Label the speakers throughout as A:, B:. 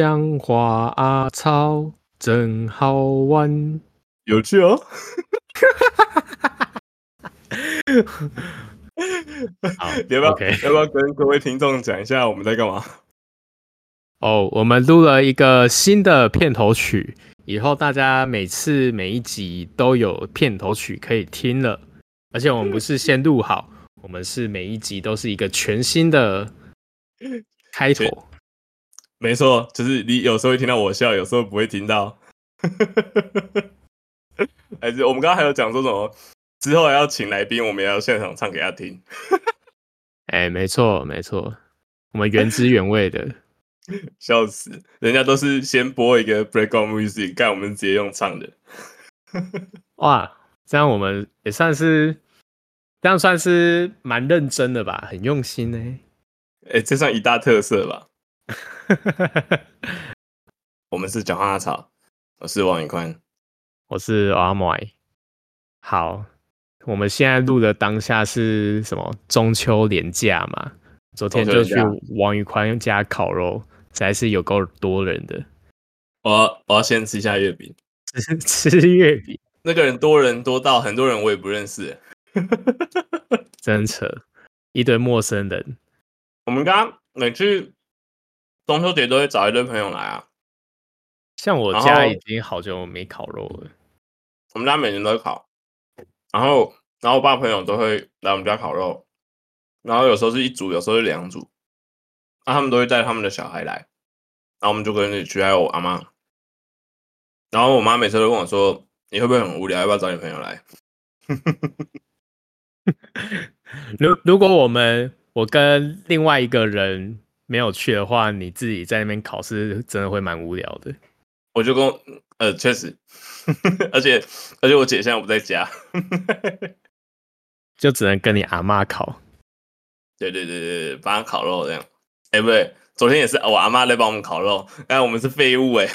A: 講話啊草，真好玩，有趣哦！好，要不要 Okay. 要不要跟各位聽眾講一下我們在幹嘛？哦，oh, 我們錄了一個新的片頭曲，以後大家每次每一集都有片頭曲可以聽了。而且我們不是先錄好， 我們是每一集都是一個全新的開頭。Okay. 沒錯，
B: 就是你有時候會聽到我笑，有時候不會聽到。 還是我們剛剛還有講說什麼？之後還要請來賓，我們要現場唱給他聽。
A: 哎、欸，沒錯沒錯，我們原汁原味的、
B: 欸、笑死，人家都是先播一個 break on music，幹我們直接用唱的。
A: 哇，這樣我們也算是，這樣算是蠻認真的吧，很用心哎、欸。哎、欸，這算一大特色吧。
B: 哈哈哈！ 我們是講話草，
A: 我是王宇寬，我是阿莫。好，我們現在錄的當下是什麼？中秋連假嘛。昨天就去王宇寬家烤肉，還是有夠多人的。
B: 我我要先吃一下月餅，
A: 吃月
B: 餅餅。那個人多人多到很多人我也不認識，
A: 真扯！一堆陌生人。
B: 我們剛剛每次。中秋節都會找一堆朋友來啊，
A: 像我家已
B: 經好久沒烤肉了。我們家每年都會烤，然後然後我爸朋友都會來我們家烤肉，然後有時候是一組，有時候是兩組。那他們都會帶他們的小孩來，然後我們就跟一起去還有我阿媽。然後我媽每次都問我說：“你會不會很無聊？要不要找你朋友來？”
A: 如 如果我們我跟另外一個人。沒有去的話，你自己在那邊烤是真的會蠻無聊的。
B: 我就跟我呃，確實， 而且而且我姐現在不在家，
A: 就只能跟你阿媽烤。
B: 對對對對對，幫他烤肉這樣。哎，不對，昨天也是我阿媽在幫我們烤肉，但我們是廢物哎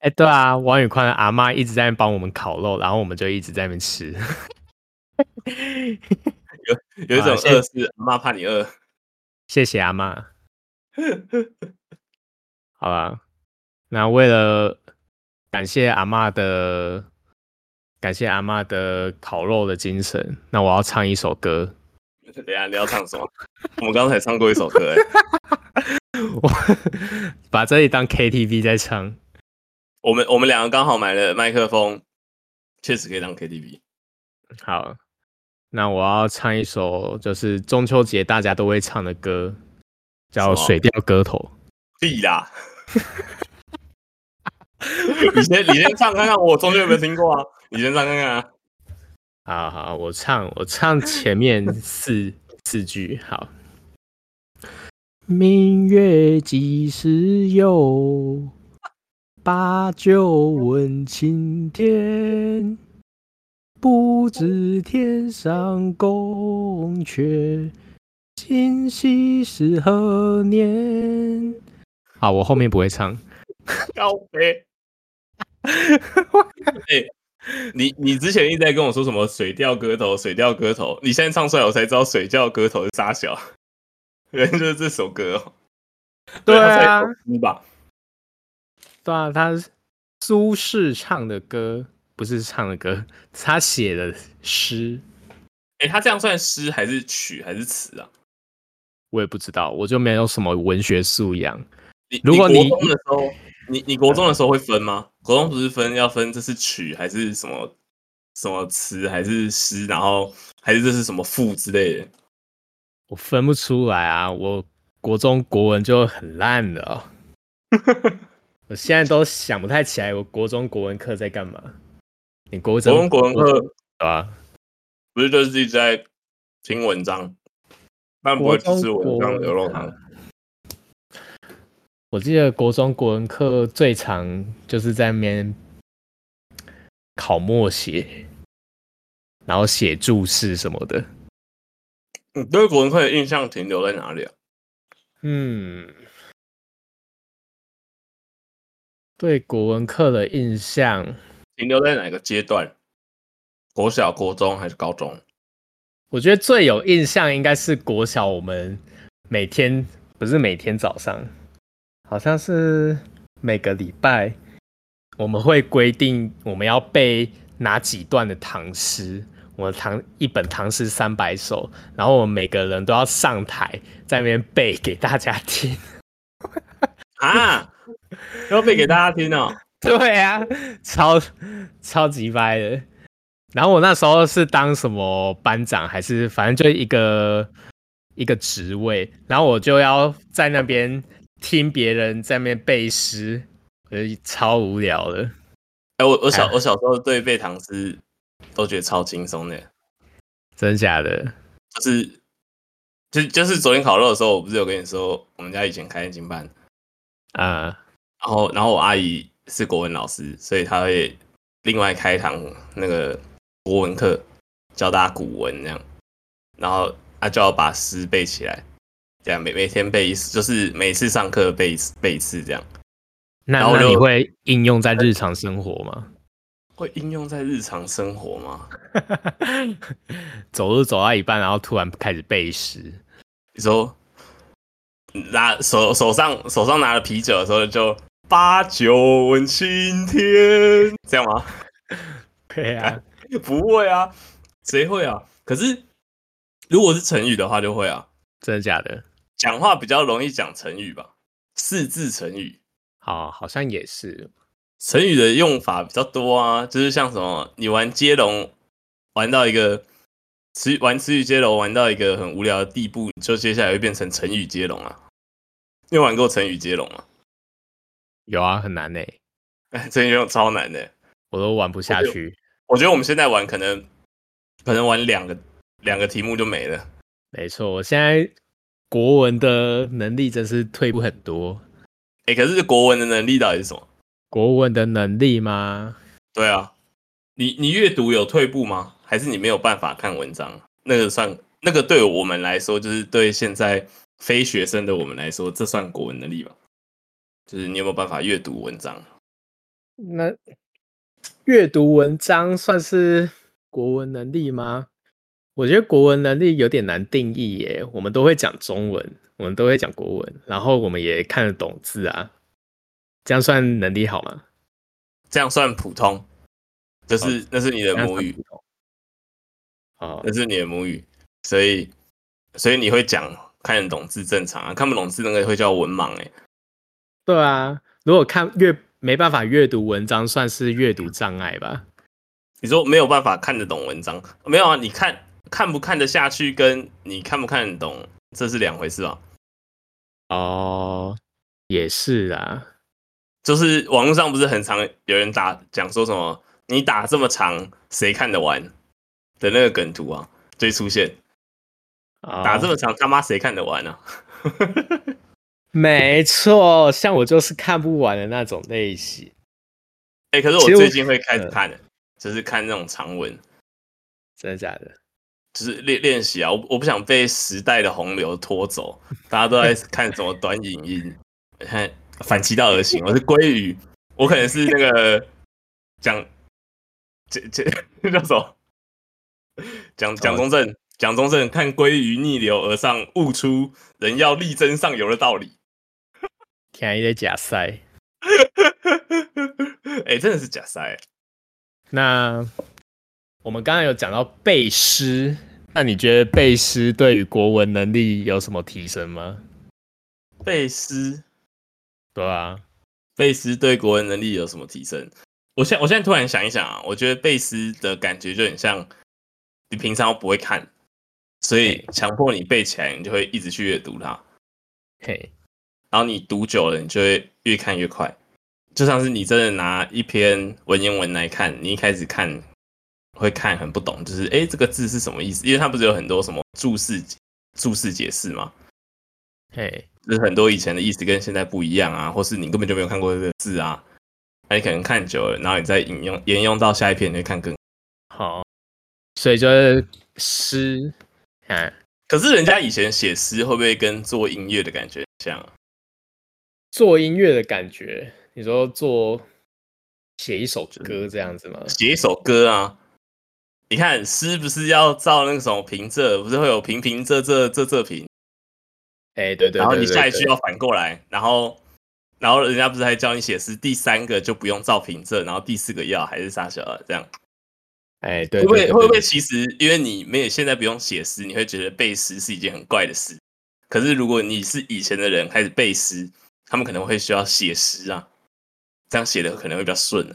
A: 哎， 對啊，王宇寬的阿媽一直在幫我們烤肉，然後我們就一直在那邊吃。 有有一種餓是、
B: 啊、阿媽怕你餓，
A: 謝謝阿媽。呵呵， 好吧，那為了感謝阿嬤的感謝阿嬤的烤肉的精神，那我要唱一首歌。
B: 等下你要唱什麼？
A: 我們剛才唱過一首歌，哎，我把這裡當 KTV 在唱
B: 我。我們我們兩個剛好買了麥克風，確實可以當 KTV。
A: 好，那我要唱一首，就是中秋節大家都會唱的歌。叫《水調歌頭》。屁啦！
B: 你先， 你先唱看看， 我中間有沒有聽過啊？
A: 你先唱看看。啊！好，好好，我唱，我唱前面四 四句。好，明月幾時有？把酒問青天，不知天上宮闕。今夕是何年？好，我後面不會唱。告別白、 欸。
B: 你你之前一直在跟我說什麼《水調歌頭》《水調歌頭》，你現在唱出來，我才知道《水調歌頭》是殺小，原來 就是這首歌，喔。對啊，
A: 對吧？對啊，他蘇軾唱的歌不是唱的歌，他寫的詩。
B: 哎、欸，他這樣算詩還是曲還是詞啊？
A: 我也不知道，我就沒有什麼文學素養。你如果你國中的
B: 時候，你你，你國中的時候會分嗎？嗯、國中不是分要分這是曲還是什麼什麼詞還是詩，然後還是這是什麼賦之類的？
A: 我分不出來啊！我國中國文就很爛的、喔、 我現在都想不太起來，我國中國文課在幹嘛？你國中國文課
B: 啊，不是就是一直在聽文章。但不會只是國中國，我忘
A: 了他，我記得國中國文課最常就是在面考默寫，然後寫註釋什麼的。
B: 你對國文課的印象停留在哪裡啊？嗯，
A: 對國文課的印象
B: 停留在哪一個階段？國小、國中還是高中？
A: 我覺得最有印象應該是國小，我們每天，不是每天早上，好像是每個禮拜我們會規定我們要背哪幾段的唐詩，我唐一本唐詩三百首，然後我們每個人都要上臺在那邊背給大家聽，啊，都要 背給大家聽哦，對啊，超超級歪的。然後我那時候是當什麼班長，還是反正就一個一個職位，然後我就要在那邊聽別人在那邊背詩，我就超無聊的。哎、欸，我我小我
B: 小時候對背唐詩、啊、都覺得超輕鬆的。
A: 真假的？
B: 就是就就是昨天烤肉的時候，我不是有跟你說我們家以前開經班。啊，然後然後我阿姨是國文老師，所以她會另外開一堂那個。國文課教大家古文這樣，然後他、啊、就要把詩背起來這樣，每每天背一次,就是每次上課背背詩這樣。
A: 那那你會應用在日常生活嗎？
B: 會應用在日常生活嗎？
A: 活嗎 走路走到一半，然後突然開始背詩，
B: 你說拿手手上手上拿了啤酒的時候，就把酒問青天這樣嗎？可以 啊。不會啊，誰會啊？可是如果是成語的話，就會
A: 啊，真的假的？講
B: 話比較容易講成語吧，四字成語。好，oh, 好像也是。成語的用法比較多啊，就是像什麼，你玩接龍，玩到一個詞，玩詞語接龍，玩到一個很無聊的地步，就接下來會變成成語接龍啊。你有有玩過成語接龍嗎、啊？有啊，很難呢、欸，哎，真的有超難的、欸，我都玩不下去。我覺得我們現在玩可能，
A: 可能玩兩個兩個題目就沒了。沒錯，我現在國文的能力真是退步很多。
B: 哎、欸，可是國文的能力到底是什麼？
A: 國文的能力嗎？
B: 對啊，你你閱讀有退步嗎？還是你沒有辦法看文章？那個算那個？對我們來說，就是對現在非學生的我們來說，這算國文能力嗎？就是你有沒有辦法閱讀文章？
A: 那。閱讀文章算是國文能力嗎？我覺得國文能力有點難定義耶。我們都會講中文，我們都會講國文，然後我們也看得懂字啊，這樣算能力好嗎？這樣算普通，這、就是、哦、那是你的母語，
B: 啊，那是你的母語，哦、所以所以你會講看得懂字正常啊，看不懂字那個會叫文盲耶。
A: 對啊，如果看越。沒辦法閱讀文章，算是閱讀障礙吧、嗯？你說，
B: 沒有辦法看得懂文章，沒有啊？你看看不看得下去，跟你看不看得懂，這是兩回事啊。
A: 哦，也是啊，
B: 就是網絡上不是很常有人打，講說什麼，你打這麼長，誰看得完的那個梗圖啊，最出現，哦、打這麼長，他媽誰看得完呢、啊？
A: 沒錯，像我就是看不完的那種類型。哎、欸，可是我最近
B: 會開始看的，嗯、就是看那種長文，真的假的？就是練練習啊，我我不想被時代的洪流拖走。大家都在看什麼短影音， 看反其道而行。我是鮭魚， 我可能是那個蔣，這這叫什麼？蔣蔣中正，蔣、哦、中正，看鮭魚逆流而上，悟出人要力爭上游的道理。
A: 天一的假賽，
B: 哎、 欸，真的是假賽。
A: 那我們剛剛有講到背詩，那你覺得背詩對於國文能力有什麼提升嗎？
B: 背詩詩，對啊，背詩對國文能力有什麼提升？我現我現在突然想一想啊，我覺得背詩的感覺就很像你平常不會看，所以強迫你背起來，你就會一直去閱讀它。嘿。然後你讀久了，你就會越看越快。就像是你真的拿一篇文言文來看，你一開始看會看很不懂，就是哎這個字是什麼意思？因為它不是有很多什麼注釋、注釋解釋嘛嘿，
A: 就
B: 是很多以前的意思跟現在不一樣啊，或是你根本就沒有看過這個字啊。那你可能看久了，然後你再引用沿用到下一篇，你會看更好。
A: 所以就是詩，可是人家
B: 以前寫詩會不會跟做音樂的感覺像啊？
A: 做音樂的感覺，你說做寫一首歌這樣子嗎？
B: 寫、嗯、一首歌啊！你看詩不是要照那個什麼平仄，不是會有平平仄仄仄仄平？哎，欸、對對，對。然後你下一句要反過來，對對對對，然後然後人家不是還教你寫詩？第三個就不用照平仄，然後第四個要還是三小二這樣？
A: 哎、欸、對，對。會不會，會不會
B: 其實因為你沒有現在不用寫詩，你會覺得背詩是一件很怪的事。可是如果你是以前的人開始背詩。他們可能會需要寫詩
A: 啊，這樣寫的可能會比較順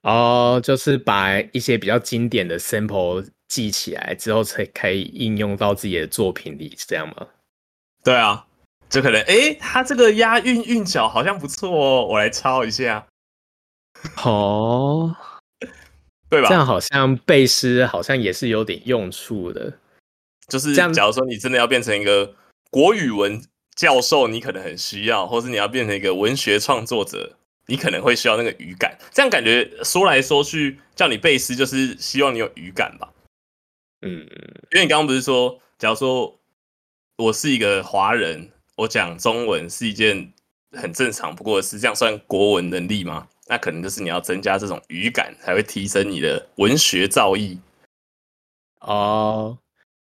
A: 哦、啊，oh, 就是把一些比較經典的 sample 記起來之後，才可以應用到自己的作品裡，是這樣嗎？對啊，就可能哎，他這個押韻韻腳好像不錯、
B: 哦，我來抄一下。
A: 哦，oh, 對吧？這樣好像背詩好像也是有點用處的，就是假如說你真的要變
B: 成一個國語文。樣教授，你可能很需要，或是你要變成一個文學創作者，你可能會需要那個語感。這樣感覺說來說去，叫你背詩，就是希望你有語感吧。嗯，因為你剛剛不是說，假如說我是一個華人，我講中文是一件很正常不過的事，這樣算國文能力嗎？那可能就是你要增加這種語感，才會提升你的文學造詣。哦、呃，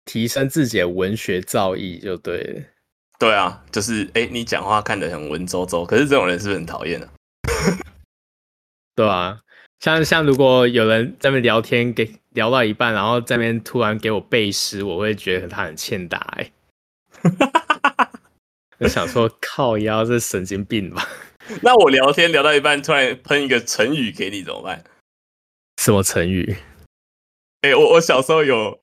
B: 提升自己的文學造詣就對對啊，就是哎、欸，你講話看得很文縐縐，可是這種人是不是很討
A: 厭呢？對啊，像像如果有人在那邊聊天，給聊到一半，然後在那邊突然給我背詩，我會覺得他很欠打哎、欸！哈哈哈哈哈！我想說，靠腰，是這神經病吧？ 那
B: 我聊天聊到一半，突然噴一個成語給你，怎麼辦？
A: 什麼成語？
B: 哎、欸，我我小時候有，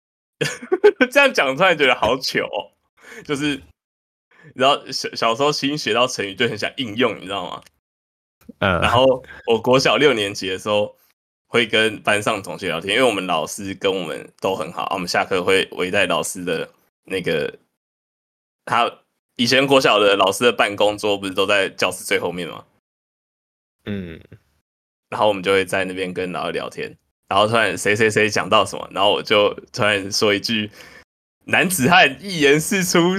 B: 這樣講出來覺得好糗、哦。就是，然後小小時候新學到成語，就很想應用，你知道嗎？嗯。
A: 然
B: 後我國小六年級的時候，會跟班上同學聊天，因為我們老師跟我們都很好，我們下課會圍在老師的那個，他以前國小的老師的辦公桌不是都在教室最後面嗎？嗯。然後我們就會在那邊跟老師聊天，然後突然誰誰誰講到什麼，然後我就突然說一句。男子漢一言四出，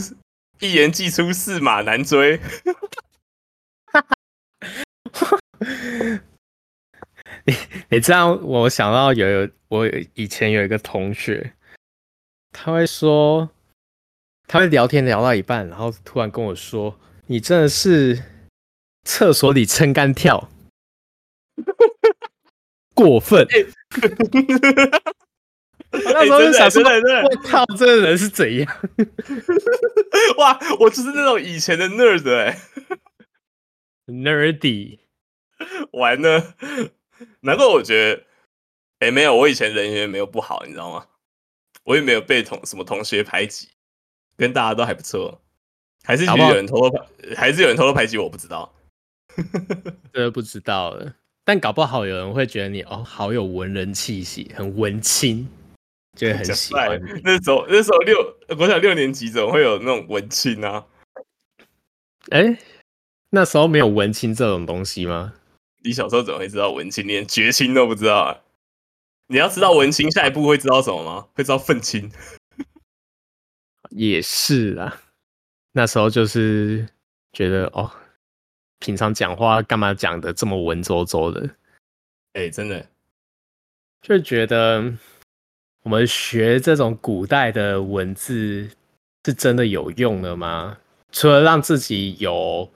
B: 一言既出，駟馬難追。
A: 你你這樣，我想到有有我以前有一個同學，他會說，他會聊天聊到一半，然後突然跟我說：“你真的是廁所裡撐杆跳， 過分。”欸
B: 欸、那時候就想說，真
A: 的，我靠，這個人是怎樣？欸、
B: 哇，我就是那種以前的 nerd n e r d、欸、 y dy 完了。難怪我覺得，哎、欸，沒有，我以前人緣沒有不好，你知道嗎？我也沒有被同什麼同學排擠，
A: 跟大家都還不錯。還是有人偷偷
B: 排，還是有人偷偷排擠我？不知道，
A: 呵 呵不知道的。但搞不好有人會覺得你哦，好有文人氣息，很文青。就
B: 很奇怪，那時候，那時候六國小六年級
A: 怎麼會有那種文青啊？哎、欸，那時候沒有文青這種東西嗎？你小時候怎麼
B: 會知道文青？連絕青都不知道、欸？啊。你要知道文青，下一步會知道什麼嗎？會知道憤青。
A: 也是啊，那時候就是覺得哦，平常講話幹嘛講得這麼文縐縐的？哎、欸，真的、欸、就覺得。我們學這種古代的文字是真的有用的嗎？除了讓自己有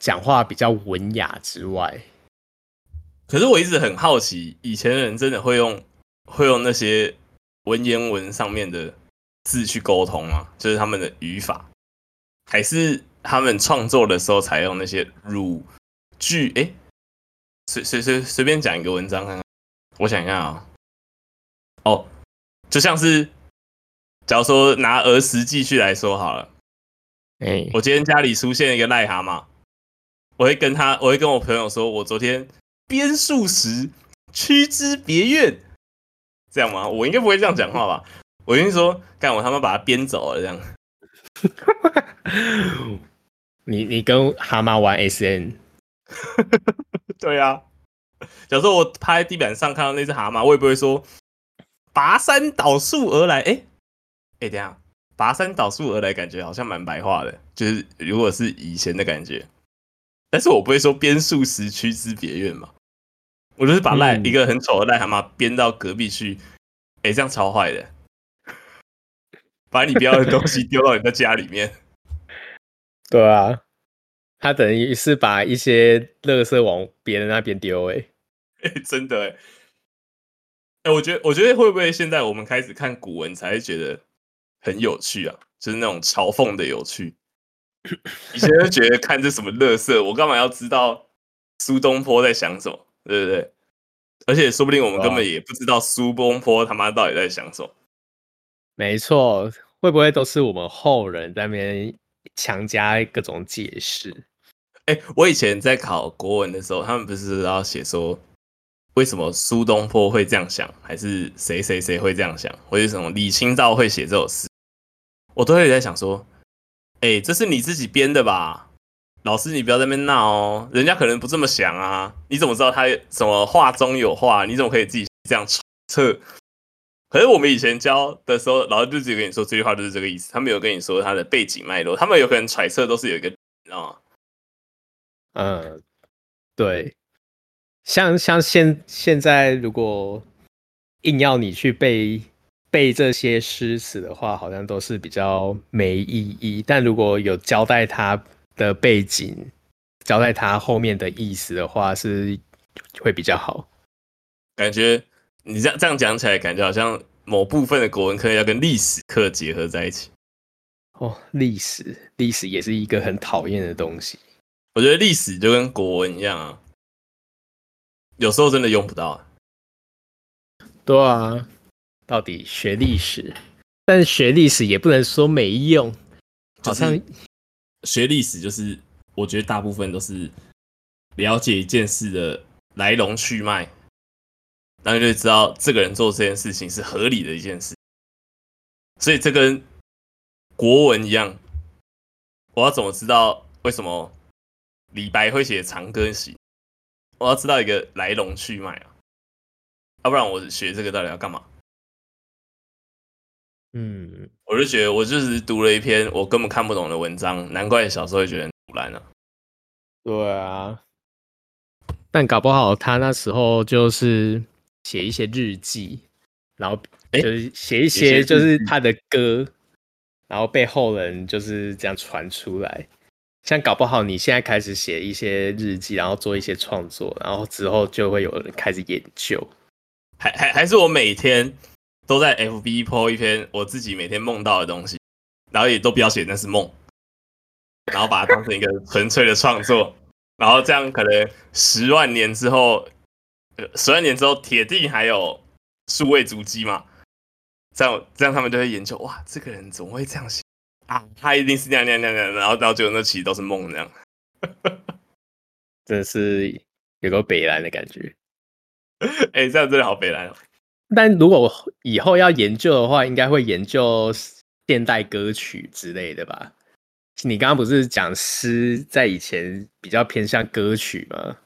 A: 講話比較文雅之外，
B: 可是我一直很好奇，以前人真的會用會用那些文言文上面的字去溝通嗎？就是他們的語法，還是他們創作的時候採用那些語句？哎，隨隨隨隨便講一個文章看看，我想一下啊，哦。就像是，假如說拿兒時記趣來說好了，哎，我今天家裡出現一個癩蛤蟆，我會跟他，我會跟我朋友說，我昨天鞭數十，驅之別院，這樣嗎？我應該不會這樣講話吧？我應該說幹我他媽把它鞭走了這樣。
A: 你 你跟蛤蟆玩 SM？
B: 對呀、啊。假如說我趴在地板上看到那只蛤蟆，我也不會說。拔山倒樹而來，哎、欸，哎、欸，等下，拔山倒樹而來，感覺好像蠻白話的，就是如果是以前的感覺，但是我不會說編數時曲之別院嘛，我就是把癩一個很醜的癩蛤蟆編到隔壁去，哎、嗯欸，這樣超壞的，把你不要的東西丟到人家家裡面，
A: 對啊，他等於是把一些垃圾往別人那邊丟、欸，
B: 哎，哎，真的哎、欸。哎、欸，我覺得，我覺得會不會現在我們開始看古文才會覺得很有趣啊？就是那種嘲諷的有趣。以 前覺得看這什麼樂色， 我幹嘛要知道蘇東坡在想什麼？對不對？而且說不定我們根本也不知道蘇東坡他媽到底在想什麼。
A: 沒錯，會不會都是我們後人在那邊強加各種解釋？哎、欸，我以前在考
B: 國文的時候，他們不是要寫說。為什麼蘇東坡會這樣想？還是誰誰誰會這樣想？或者什麼李清照會寫這首詩？我都會在想說，哎、欸，這是你自己編的吧？老師，你不要在那邊鬧哦。人家可能不這麼想啊。你怎麼知道他什麼話中有話？你怎麼可以自己這樣揣測？可是我們以前教的時候，老師就只跟你說這句話就是這個意思。他沒有跟你說他的背景脈絡，他們有可能揣測都是有一個，啊、哦、嗯，呃、
A: 對。像像現現在，如果硬要你去背背這些詩詞的話，好像都是比較沒意義。但如果有交代它的背景，交代它後面的意思的話，是會比較好。感覺你這樣這樣
B: 講起來，感覺好像某部分的國文課要跟歷史課結合在一起。哦，歷史歷史也是一個很討厭的東西。我覺得歷史就跟國文一樣啊。有時候真的用不到啊。
A: 對啊，到底學歷史，但學歷史也不能說沒用，好像
B: 學歷史就是，我覺得大部分都是了解一件事的來龍去脈，然後就知道這個人做這件事情是合理的一件事，所以這跟國文一樣，我要怎麼知道為什麼李白會寫《長歌行》？我要知道一個來龍去脈啊，要、啊、不然我學這個到底要幹嘛？嗯，我就覺得我就是讀了一篇我根本看不懂的文章，難怪小時候會覺得很難呢、啊。
A: 對啊，但搞不好他那時候就是寫一些日記，然後就是寫一些就是他的歌，欸、然後被後人就是這樣傳出來。像搞不好你現在開始寫一些日記，然後做一些創作，然後之後就會有人開始研究。還還還是我
B: 每天都在 FB PO 一篇我自己每天夢到的東西，然後也都不要寫那是夢，然後把它當成一個純粹的創作。 然後這樣可能十萬年之後、呃，十萬年之後鐵定還有數位足跡嘛？這樣這樣他們就會研究哇，這個人怎麼會這樣寫？啊，他一定是那樣那樣那樣，然後到最後那期都是夢那樣，
A: 真的是有個北蘭的感覺。
B: 哎、欸，這樣真的好北蘭哦、喔。
A: 但如果以後要研究的話，應該會研究現代歌曲之類的吧？你剛剛不是講詩在以前比較偏向歌曲嗎？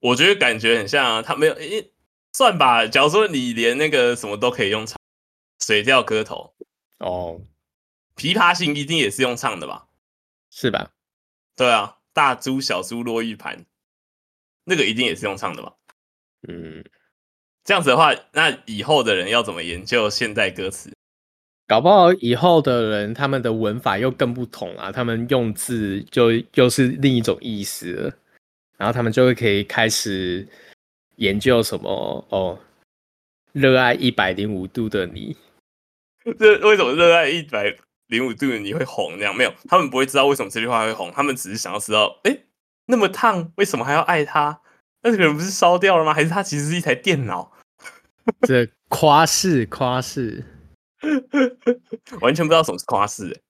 A: 我覺得感覺很像啊，他沒有、欸，算吧。假如說你連
B: 那個什麼都可以用草《水調歌頭》哦。《琵琶行》一定也是用唱的吧？是吧？對啊，大珠小珠落玉盤，那個一定也是用唱的吧？嗯，這樣子的話，那以後的人要怎麼研究現代歌詞？
A: 搞不好以後的人他們的文法又更不同了，啊，他們用字就又，就是另一種意思了。然後他們就會可以開始研究什麼哦，熱愛一百零五度的你，
B: 這為什麼熱愛一百？零五度你會紅那樣沒有？他們不會知道為什麼這句話會紅，他們只是想要知道，哎、欸，那麼燙，為什麼還要愛他？那這個人不是燒掉了嗎？還是他其實是一台電腦？
A: 這誇飾誇飾， 完
B: 全不知道什麼是誇飾。的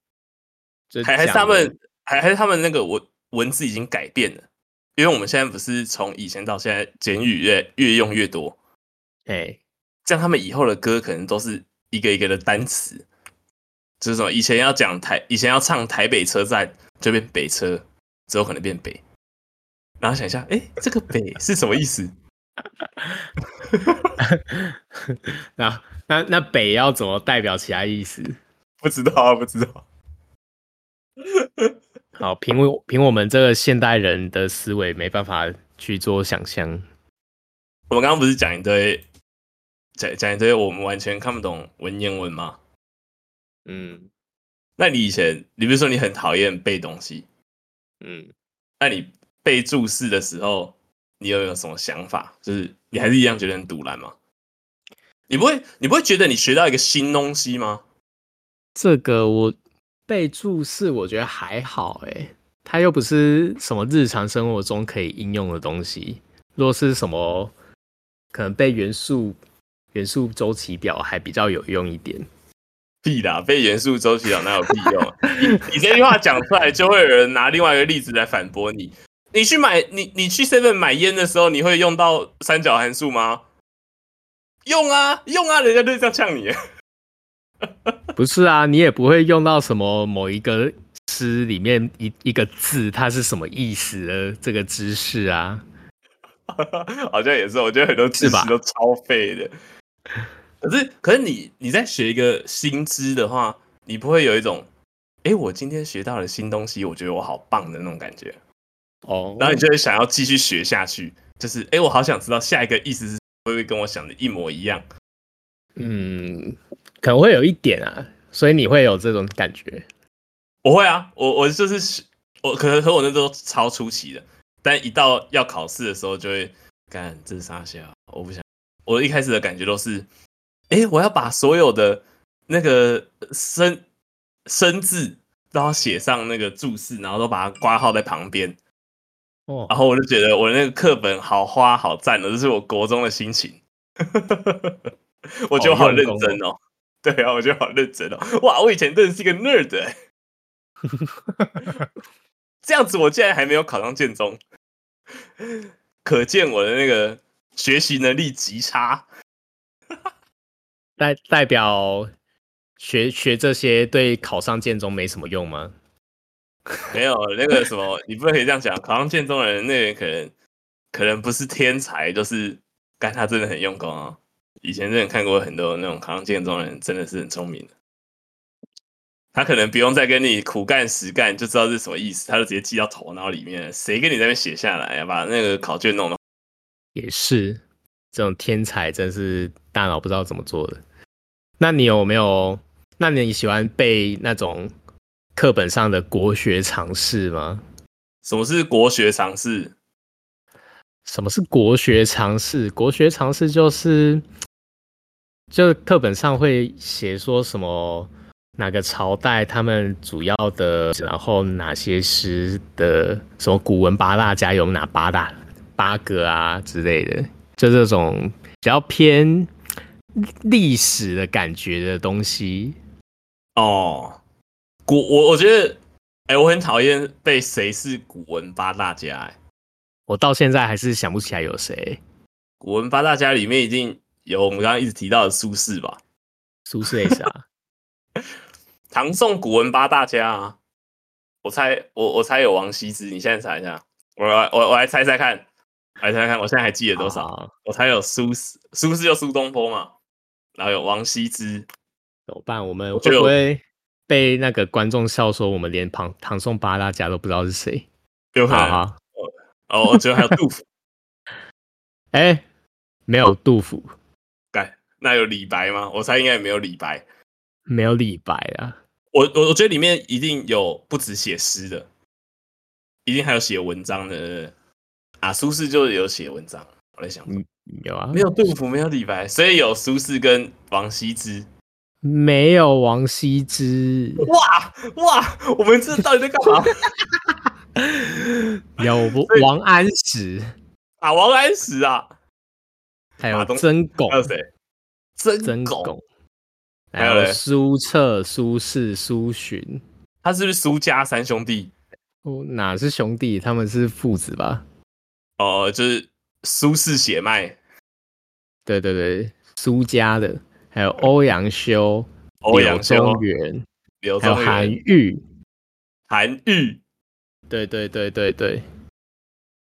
B: 還還是他們，還還是他們那個文文字已經改變了，因為我們現在不是從以前到現在，簡語越越用越多。哎、欸，這樣他們以後的歌可能都是一個一個的單詞。就是以前要講台，以前要唱台北車站就變北車，之後可能變北。然後想一下，哎、欸，這個
A: 北是什麼意思？ 啊、那那那北要怎麼代表其他意思？不知道、啊，不知道。好，憑憑我們這個現代人的思維，沒辦法去做想象。我們剛剛不是講一堆，講
B: 講一堆，我們完全看不懂文言文嗎？嗯，那你以前，你比如說你很討厭背東西，嗯，那你背注釋的時候，你有有什麼想法？就是你還是一樣覺得很賭爛嗎？你不會，你不會覺得你學到一個新東西嗎？
A: 這個我背注釋，我覺得還好、欸，誒，它又不是什麼日常生活中可以應用的東西。若是什麼，可能背元素元素週期表還比較有用一點。屁啦！
B: 背元素週期表哪有屁用？ 你這句話講出來，就會有人拿另外一個例子來反駁你。你去買你，你去 Seven 買菸的時候，你會用到三角函數嗎？用啊，用啊！人家就這樣嗆你。
A: 不是啊，你也不會用到什麼某一個詞裡面一一個字它是什麼意思的這個知識啊。
B: 好像也是，我覺得很多字吧都超廢的。可是，可是你你在學一個新知的話，你不會有一種，誒、欸，我今天學到了新東西，我覺得我好棒的那種感覺，哦，然後你就會想要繼續學下去，就是，誒、欸，我好想知道下一個意思是會不會跟我想的一模一樣，
A: 嗯，可能會有一點啊，所以你會有這種感覺，
B: 我會啊，我我就是我可能和我那時候超出奇的，但一到要考試的時候就會幹，這是殺小啊，我不想，我一開始的感覺都是。哎，我要把所有的那個生生字都要寫上那個注釋，然後都把它掛號在旁邊。哦，然後我就覺得我的那個課本好花好贊的，哦，這是我國中的心情。 我覺得我好認真哦，對啊，我覺得好認真哦。哇，我以前真的是一個 nerd 欸。 這樣子我竟然還沒有考上建中，可見我的那個學習能力極差。
A: 代代表學學這些對考上建中沒什麼用嗎？
B: 沒有，那個什麼， 你不可以這樣講。考上建中的人，那人可能可能不是天才，就是但他真的很用功啊、哦。以前真的看過很多那種考上建中人，真的是很聰明的。他可能不用再跟你苦幹實幹，就知道是什麼意思，他就直接記到頭腦裡面。誰跟你在那邊寫下來，把那個考卷弄的。
A: 也是，這種天才真是大腦不知道怎麼做的。那你有沒有？那你喜歡背那種課本上的國學常識嗎？
B: 什麼是國學常識？
A: 什麼是國學常識？國學常識就是，就課本上會寫說什麼哪個朝代他們主要的，然後哪些詩的什麼古文八大家有哪八大八個啊，之類的，就這種比較偏。歷史的感覺的東西哦，古我
B: 我覺得，哎、欸，我很討厭被誰是古文八大家、欸，哎，
A: 我到現在還是想不起來有誰、欸。
B: 古文八大家裡面已經有我們剛剛一直提到的蘇軾吧？蘇軾是啥？ 唐宋古文八大家、啊，我猜我我猜有王羲之，你現在猜一下，我來我來我來猜猜看，來猜猜看，我現在還記得多少？好好，我猜有蘇軾，蘇軾就蘇東坡嘛、啊。還有王羲之，怎麼辦？我們會不會
A: 被那個觀眾笑說我們連唐唐宋八大家都不知道是誰？有嗎？哦， 我覺得還有杜甫。哎、 欸，沒有杜甫。
B: 改，okay, 那有李白嗎？我猜應該也沒有李白。
A: 沒有李白啊！
B: 我我我覺得裡面一定有不止寫詩的，一定還有寫文章的啊。蘇軾就有寫文章，我在想。有啊，沒有杜甫，沒有李白，所以有蘇軾跟王羲之。
A: 沒有王羲之，哇哇！
B: 我們這到底在幹嘛？
A: 有王安石
B: 啊，王安石啊，
A: 還有曾鞏，還有
B: 誰？曾曾鞏，還有
A: 蘇轍、蘇軾、蘇洵，
B: 他是不是蘇家三兄弟？
A: 哦，哪是兄弟？他們是父子吧？
B: 哦，就是蘇軾血脈。
A: 對對對，蘇家的還有歐陽修、柳宗元，還有韓愈，韓愈，對對對對對，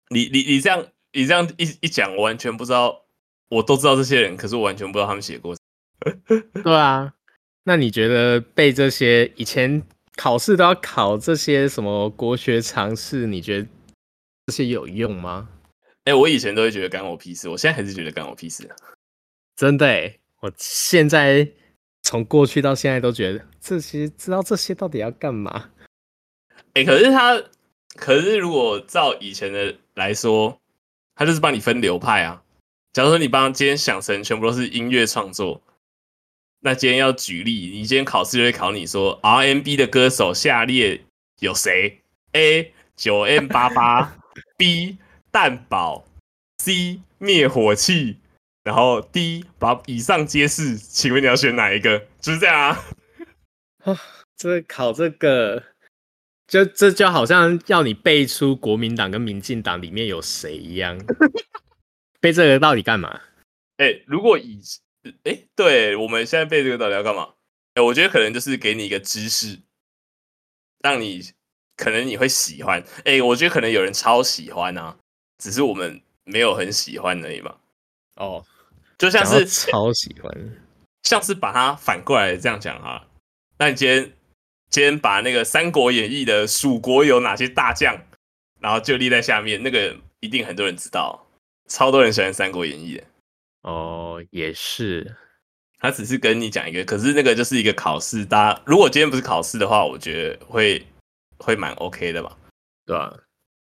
A: 你你
B: 你這樣你這樣一一講，我完全不知道，我都知道這些人，可是我完全不知道他們寫過。
A: 對啊，那你覺得背這些以前考試都要考這些什麼國學常識，你覺得這些有用嗎？嗯哎、欸，我以前都會
B: 覺得干我屁事，我
A: 現在還是覺得干我屁事。真的、欸，我現在從過去到現在都覺得這些，知道這些到底要幹嘛？
B: 哎、欸，可是他，可是如果照以前的來說，他就是幫你分流派啊。假如說你幫今天想成全部都是音樂創作，那今天要舉例，你今天考試就會考你說 R&B 的歌手，下列有誰？A 9M88 B。蛋堡，C 滅火器，然後 D 把以上皆是，請問你要選哪一個？就是這樣啊！啊、
A: 哦，這考這個，就這就好像要你背出國民黨跟民進黨裡面有誰一樣， 背這個到底幹嘛？
B: 哎、欸，如果以，哎、欸，對，我們現在背這個到底要幹嘛？哎、欸，我覺得可能就是給你一個知識，讓你可能你會喜歡。哎、欸，我覺得可能有人超喜歡啊。只是我們沒有很喜歡而已嘛，哦，oh,
A: 就像是超喜歡，
B: 像是把它反過來這樣講哈。那你今天今天把那個《三國演義》的蜀國有哪些大將，然後就立在下面，那個一定很多人知道，超多人喜歡《三國演義》的。哦，oh, 也是。他只是跟你講一個，可是那個就是一個考試。大家如果今天不是考試的話，我覺得會會蠻 OK 的吧？對吧？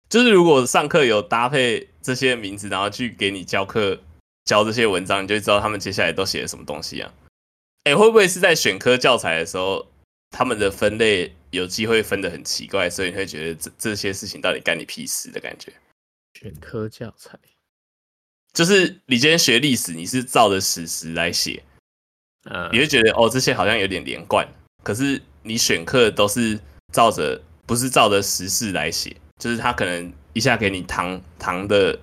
B: 就是如果上課有搭配這些名字，然後去給你教課教這些文章，你就知道他們接下來都寫了什麼東西啊？哎、欸，會不會是在選科教材的時候，他們的分類有機會分的很奇怪，所以你會覺得這這些事情到底幹你屁事的感覺？
A: 選科教材
B: 就是你今天學歷史，你是照着史實來寫，啊、嗯，你會覺得哦這些好像有點連貫，可是你選課都是照着不是照着實事來寫。就是他可能一下給你唐唐的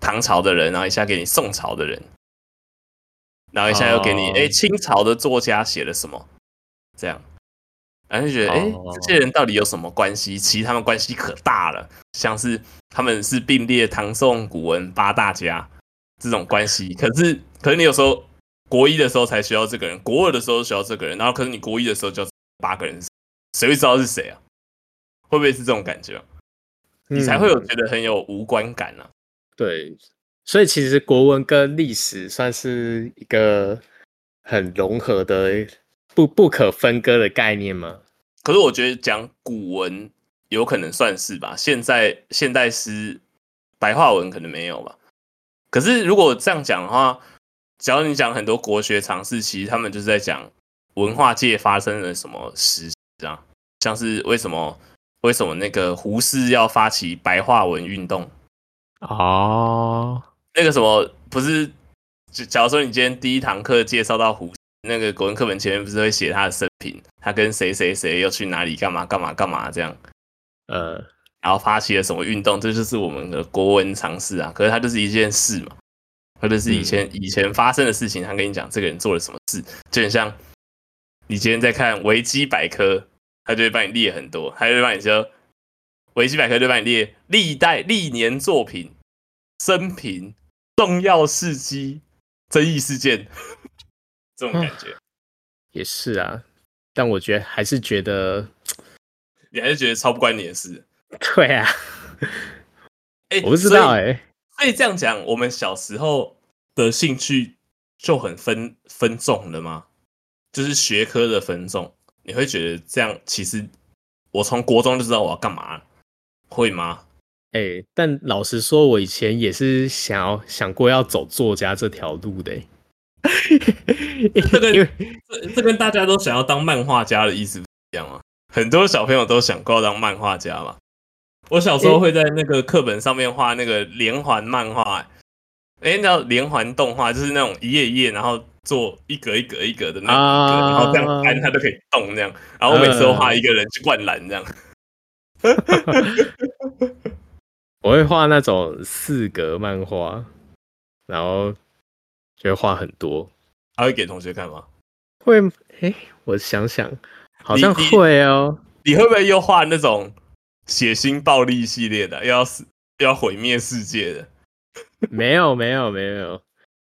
B: 唐朝的人，然後一下給你宋朝的人，然後一下又給你哎、uh、清朝的作家寫了什麼這樣，然後就覺得哎、uh、這些人到底有什麼關係？其實他們關係可大了，像是他們是並列唐宋古文八大家這種關係。可是可是你有時候國一的時候才需要這個人，國二的時候需要這個人，然後可是你國一的時候就這八個人誰，誰會知道是誰啊？會不會是這種感覺？你才會有覺得很有無關感啊。嗯、
A: 對，所以其實國文跟歷史算是一個很融合的、不不可分割的概念嗎？
B: 可是我覺得講古文有可能算是吧，現在現代詩、白話文可能沒有吧。可是如果這樣講的話，只要你講很多國學常識，其實他們就是在講文化界發生了什麼事啊，像是為什麼。為什麼那個胡適要發起白話文運動
A: 哦，oh.
B: 那個什麼不是？假如說你今天第一堂課介紹到胡那個國文課本前面不是會寫他的生平，他跟誰誰誰又去哪裡幹嘛幹嘛幹嘛這樣？呃，uh. 然後發起了什麼運動？這就是我們的國文常識啊。可是他就是一件事嘛，他就是以前、嗯、以前發生的事情，他跟你講這個人做了什麼事，就很像你今天在看維基百科。他就會幫你列很多，他就幫你說，維基百科就幫你列歷代歷年作品、生平、重要事蹟、爭議事件，呵
A: 呵這種感覺也是啊。但我覺得還是覺得
B: 你還是覺得超不關你的事。
A: 對啊， 欸、我不知道哎，欸，
B: 所以這樣講，我們小時候的興趣就很分分重了嗎？就是學科的分重你會覺得這樣？其實
A: 我從國中就知道我要幹嘛，會嗎？哎，欸，但老實說，我以前也是想要想過要走作家這條路的。這個，這這跟大家都想要當漫畫家的意思一樣嗎？很多小朋友
B: 都想過要當漫畫家嘛。我小時候會在那個課本上面畫那個連環漫畫，欸，你知道連環動畫就是那種一頁一頁，然後。做一格一格一格的那個、啊，然後這樣按它都可以動這樣，然後我每次都畫一個人去灌籃這樣、
A: 啊。 我會畫那種四格漫畫，然後就會畫很多、啊。還會給同學看嗎？會，哎、欸，我想想，
B: 好像會哦，
A: 你你。你會不會
B: 又畫那種血腥暴力系列的，又要死又要毀滅世界的？
A: 沒有，沒有，沒有。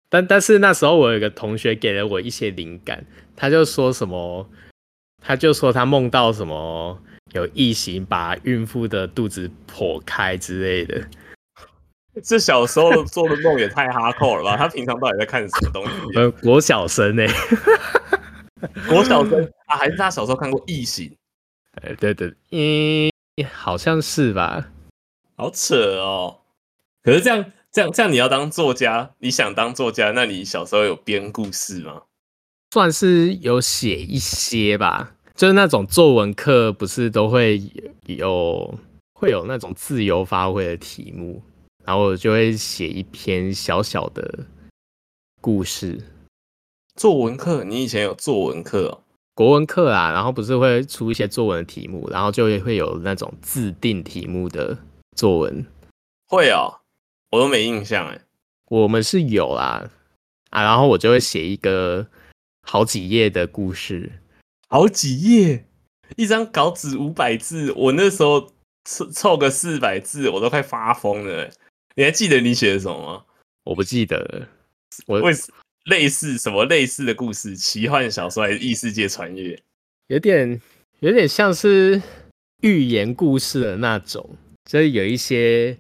A: 但但是那時候我有一個同學給了我一些靈感，他就說什麼，他就說他夢到什麼有異形把孕婦的肚子剖開之類的，這
B: 小時候做的夢也太 hardcore 了吧？ 他平常到底在看什麼東
A: 西？ 國小生呢、欸？ 國小生啊？還是他小時候看過異形？哎， 對對，嗯，好像是吧？好扯哦，可是這樣。
B: 這樣，這樣你要當作家，你想當作家，那你小時候有編故事嗎？
A: 算是有寫一些吧，就是那種作文課，不是都會有，有會有那種自由發揮的題目，然後我就會寫一篇小小的，故事。作文課，你以前有作文課哦？國文課啊，然後不是會出一些作文的題目，然後就會有那種自定題目的作文。
B: 會哦。我都沒印象哎，
A: 我們是有啦，啊，然後我就會寫一個好幾頁的故事，好幾
B: 頁，一張稿紙五百字，我那時候湊湊個四百字，我都快發瘋了。你還記得你寫的什麼嗎？我不記得了，我為類似什麼，類似的故事，奇幻小說還是異世界穿越？
A: 有點有點像是寓言故事的那種，就是有一些。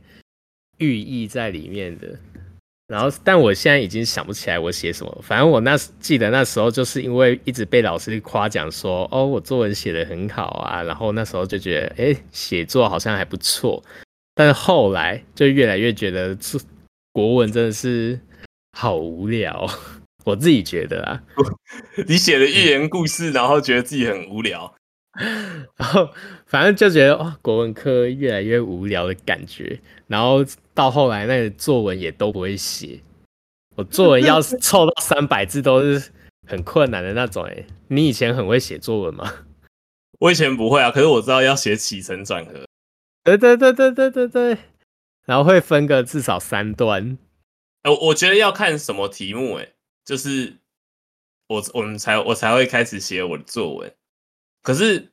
A: 寓意在裡面的，然後但我現在已經想不起來我寫什麼了。反正我那時記得那時候就是因爲一直被老師誇獎說，哦我作文寫得很好啊，然後那時候就覺得哎、欸、寫作好像還不錯，但後來就越來越覺得國文真的是好無聊。我自己覺得啊，
B: 你寫的寓言故事，嗯、然後覺得自己很無聊，然
A: 後反正就覺得哦國文科越來越無聊的感覺，然後。到後來，那個作文也都不會寫。我作文要是湊到三百字都是很困難的那種、欸。哎，你以前很會寫作文嗎？我以前不會啊，可是我知道要寫起承轉合。對對對對對對對，然後會分個至少三段。我我覺
B: 得要看什麼題目、欸，哎，就是我我們才我才會開始寫我的作文。可是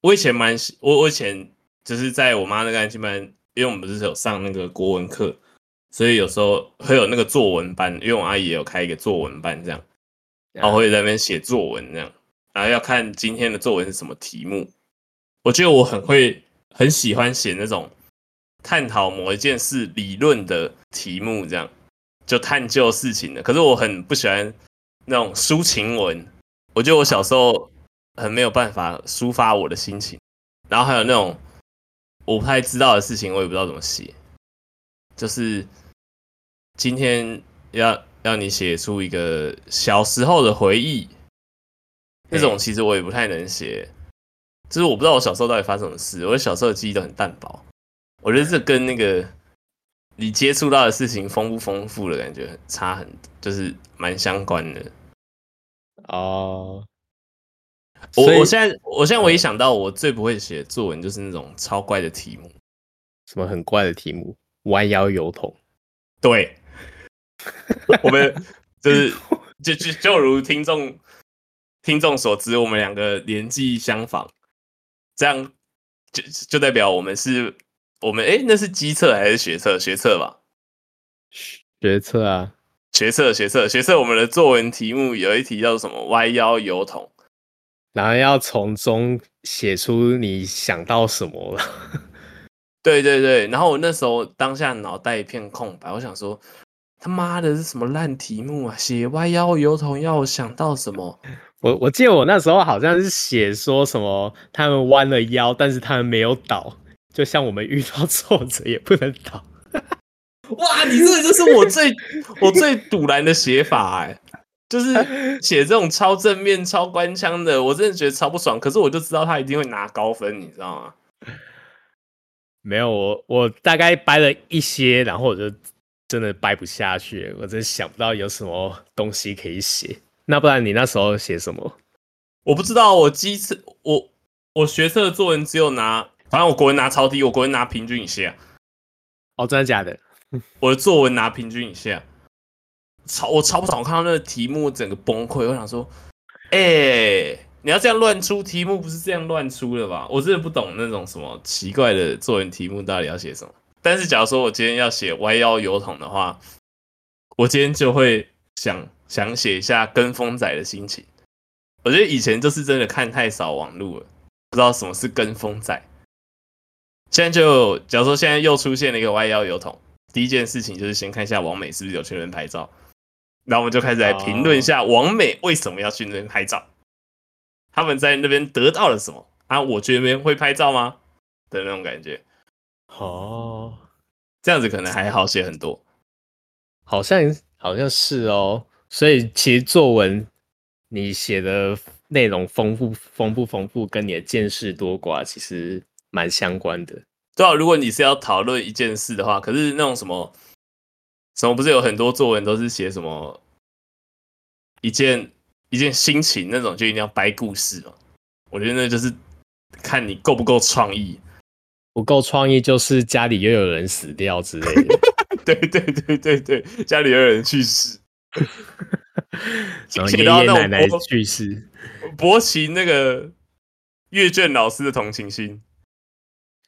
B: 我以前蠻，我我以前就是在我媽那個安親班。因為我們不是有上那個國文課，所以有時候會有那個作文班。因為我阿姨也有開一個作文班，這樣，然後會在那邊寫作文，這樣，然後要看今天的作文是什麼題目。我覺得我很會、很喜歡寫那種探討某一件事理論的題目，這樣就探究事情的。可是我很不喜歡那種抒情文。我覺得我小時候很沒有辦法抒發我的心情，然後還有那種。我不太知道的事情，我也不知道怎麼寫。就是今天要要你寫出一個小時候的回憶，那種其實我也不太能寫。就是我不知道我小時候到底發生什麼事，我小時候的記憶都很淡薄。我覺得這跟那個你接觸到的事情豐不豐富的感覺差很，就是蠻相關的。哦。我現在，我現在，唯一想到我最不會寫作文，就是那種超怪的題目，什麼很怪的題目，歪腰油桶，對，我們就是 就就就,就如聽眾 聽眾所知，我們兩個年紀相仿，這樣就就代表我們是我們誒、欸，那是基測還是學測？學測吧，
A: 學測
B: 啊，學測學測學測，我們的作文題目有一題叫做什麼歪腰油桶。
A: 然後要從中寫出你想到什麼了？
B: 對對對，然後我那時候當下腦袋一片空白，我想說他媽的是什麼爛題目啊！寫歪腰郵筒要想到
A: 什麼？我我記得我那時候好像是寫說什麼他們彎了腰，但是他們沒有倒，就像我們遇到挫折也不能倒。哇，你這個就是我最 我最賭爛的寫法哎、欸。就是寫這
B: 種超正面、 超官腔的，我真的覺得超不爽。可是我就知道他一定會拿高分，你知道嗎？
A: 沒有我，我大概掰了一些，然後我就真的掰不下去。我真想不到有什麼東西可以寫。那不然你那時候寫什麼？我不知道我。我基測我我學測的作文只有
B: 拿，反正我國文拿超低，我國文拿平均以下。哦，真的假的？ 我的作文拿平均以下。抄我超不抄？我看到那個題目整個崩潰，我想說，哎、欸，你要這樣亂出題目，不是這樣亂出的吧？我真的不懂那種什麼奇怪的作文題目到底要寫什麼。但是假如說我今天要寫歪腰郵筒的話，我今天就會想想寫一下跟風仔的心情。我覺得以前就是真的看太少網路了，不知道什麼是跟風仔。現在就假如說現在又出現了一個歪腰郵筒，第一件事情就是先看一下網美是不是有去人拍照。然後我們就開始來評論一下網美為什麼要去那邊拍照，oh. 他們在那邊得到了什麼？啊，我去那邊會拍照嗎？的那種感覺。
A: 哦，oh. 這樣子可能還好寫很多，好像好像是哦。所以其實作文你寫的內容豐富豐不豐富，豐富豐富跟你的見識多寡其實蠻相關的。對啊，如果你是要討論一件事的話，可是那種什麼。
B: 什麼不是有很多作文都是寫什麼一件一
A: 件心情那種，就一定要掰故事嘛？我覺得那就是看你夠不夠創意，不夠創意就是家裡又有人死掉之類的。
B: 對對對對對，家裡又有人去世，
A: 然後爺爺奶奶去
B: 世，博取那個閱卷老師的同情心。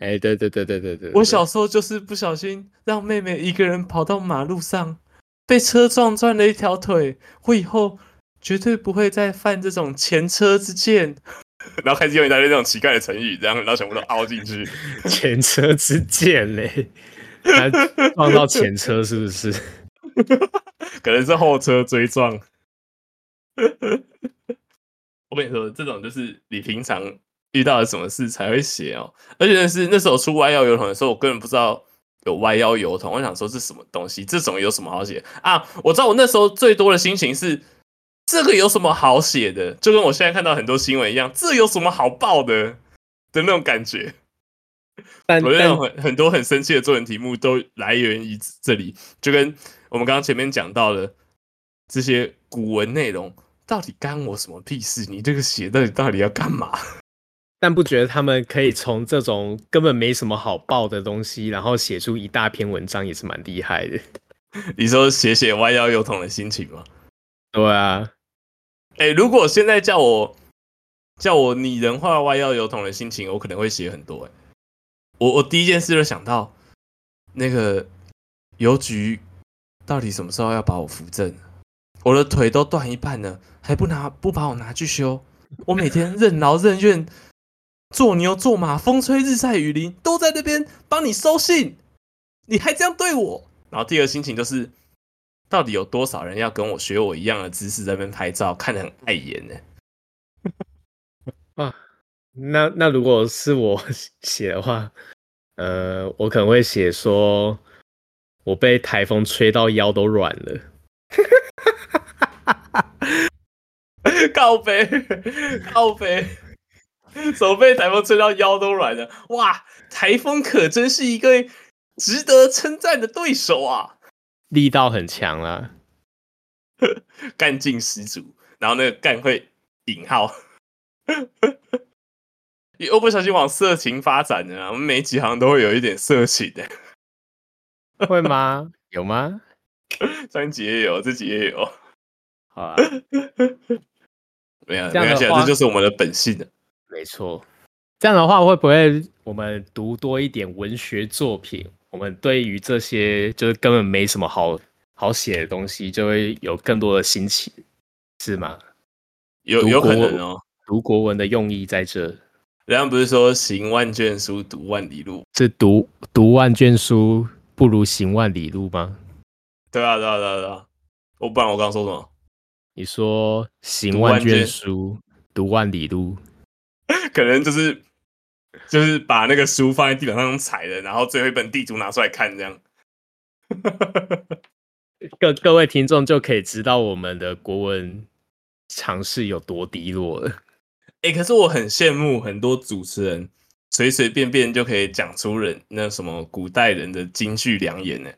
A: 哎、欸，對對對對對對，對，對！我小
B: 時候就是不小心讓妹妹一個人跑到馬路上，被車撞斷了一條腿。我以後絕對不會再犯這種前車之鑑。然後開始用一大堆這種奇怪的成語，這樣然後全部都凹進去。
A: 前車之鑑嘞、欸，撞到前車
B: 是不是？ 可能是後車追撞。 我跟你說，這種就是你平常。遇到了什麼事才會寫哦？而且是那時候出歪腰油桶的時候，我根本不知道有歪腰油桶，我想說這是什麼東西？這種有什麼好寫啊？我知道我那時候最多的心情是：這個有什麼好寫的？就跟我現在看到很多新聞一樣，這個、有什麼好報的的那種感覺。但但我這種很很多很生氣的作文題目都來源於這裡，就跟我們剛剛前面講到的這些古文內容，
A: 到底幹我什麼屁事？你這個寫到底到底要幹嘛？但不覺得他們可以從這種根本沒什麼好報的東西，然後寫出一大篇文章，也是蠻厲害的。
B: 你說寫寫歪腰郵筒的心情嗎？對啊。
A: 欸，
B: 如果現在叫我叫我擬人化歪腰郵筒的心情，我可能會寫很多欸。我我第一件事就想到，那個郵局到底什麼時候要把我扶正？我的腿都斷一半了，還不拿不把我拿去修？我每天任勞任怨。 做牛做馬，風吹日曬雨淋，都在這邊幫你收信，你還這樣對我？然後第二個心情就是，到底有多少人要跟我學我一樣的姿勢在這邊拍照，看得很礙
A: 眼呢？啊，那那如果是我寫的話，呃，我可能會寫說，我被台風吹到腰都軟了，
B: 告別，告別。怎麼 被台風吹到腰都軟了，哇！台風可真是一個值得稱讚的對手啊，
A: 力道很強啊，
B: 幹勁 十足。然後那個“幹”會引號，我 不小心往色情發展了。我們每幾行都會有一點色情的，欸，
A: 會嗎？
B: 有嗎？ 上集也有，這集也有。 好啊啦，
A: 沒有，看起來這就是我們的本性了沒錯，這樣的話會不會我們讀多一點文學作品，我們對於這些就是根本沒什麼好好寫的東西，就會有更多的新奇，是嗎？有國文有可能哦。讀國文的用意在這。人家不是說行萬卷
B: 書讀萬里路，
A: 這讀讀萬卷書不如行萬里路嗎？
B: 對啊，對啊，對啊，對啊。我不然我剛剛說什麼？你
A: 說行萬卷書讀萬卷，讀萬里路。
B: 可能就是就是把那個書放在地板上踩了，然後最後一本地主拿出來看，這樣
A: 各 各位聽眾就可以知道我們的國文常識有多低落了。
B: 哎、欸，可是我很羨慕很多主持人隨隨便便就可以講出人那什麼古代人的金句良言呢。啊，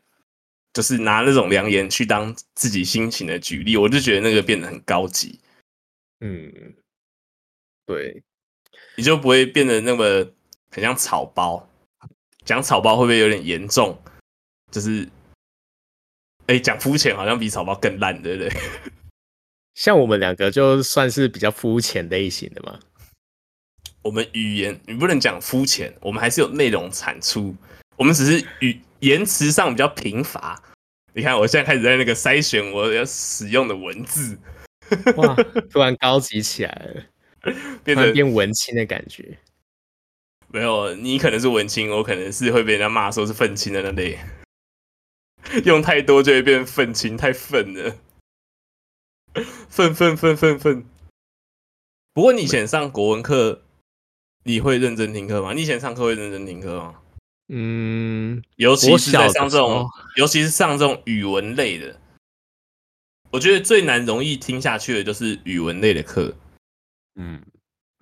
B: 就是拿那種良言去當自己心情的舉例，我就覺得那個變得很高級。嗯，對。你就不會變得那麼很像草包，講草包會不會有點嚴重？就是，哎、欸，講膚淺好像比草包更爛，對不對？像我們兩個就算是比較膚淺類型的嘛。我們語言你不能講膚淺，我們還是有內容產出，我們只是語言詞上比較貧乏。你看我現在開始在那個篩選我要使用的文字，哇， 突然
A: 高級起來了。變得變文青的感覺，
B: 沒有你可能是文青，我可能是會被人家罵說是憤青的那類。用太多就會變憤青，太憤了，憤憤憤憤憤。不過你以前上國文課，你會認真聽課嗎？你以前上課會認真聽課嗎？嗯，尤其是在上這種，尤其是上這種語文類的，我覺得最難、容易聽下去的，就是語文類的課。嗯，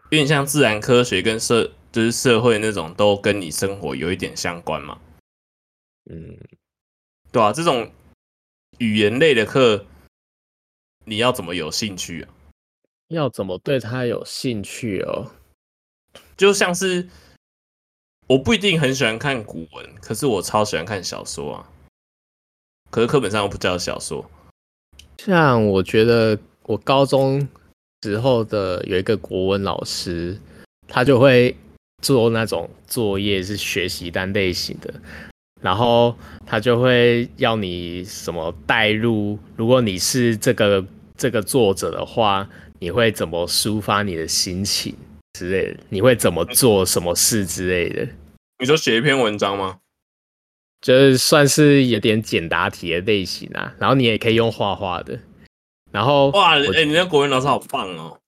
B: 因為像自然科學跟社，就是社會那種，都跟你生活有一點相關嘛。嗯，對啊，這種語言類的課，你要怎麼有興趣啊？
A: 要怎麼對它有興趣哦？就像是
B: 我不一定很喜歡看古文，可是我超喜歡看小說啊。可是課本上又不教小說。
A: 像我覺得我高中。時候的有一個國文老師，他就會做那種作業是學習單類型的，然後他就會要你什麼帶入，如果你是這個這個作者的話，你會怎麼抒發你的心情之類的？你會怎麼做什麼事之類的？你說寫一篇文章嗎？就是算是有點簡答題的類型啊，然後你也可以用畫畫的。然後哇，哎、欸，你
B: 那國文老師好棒哦，
A: 喔！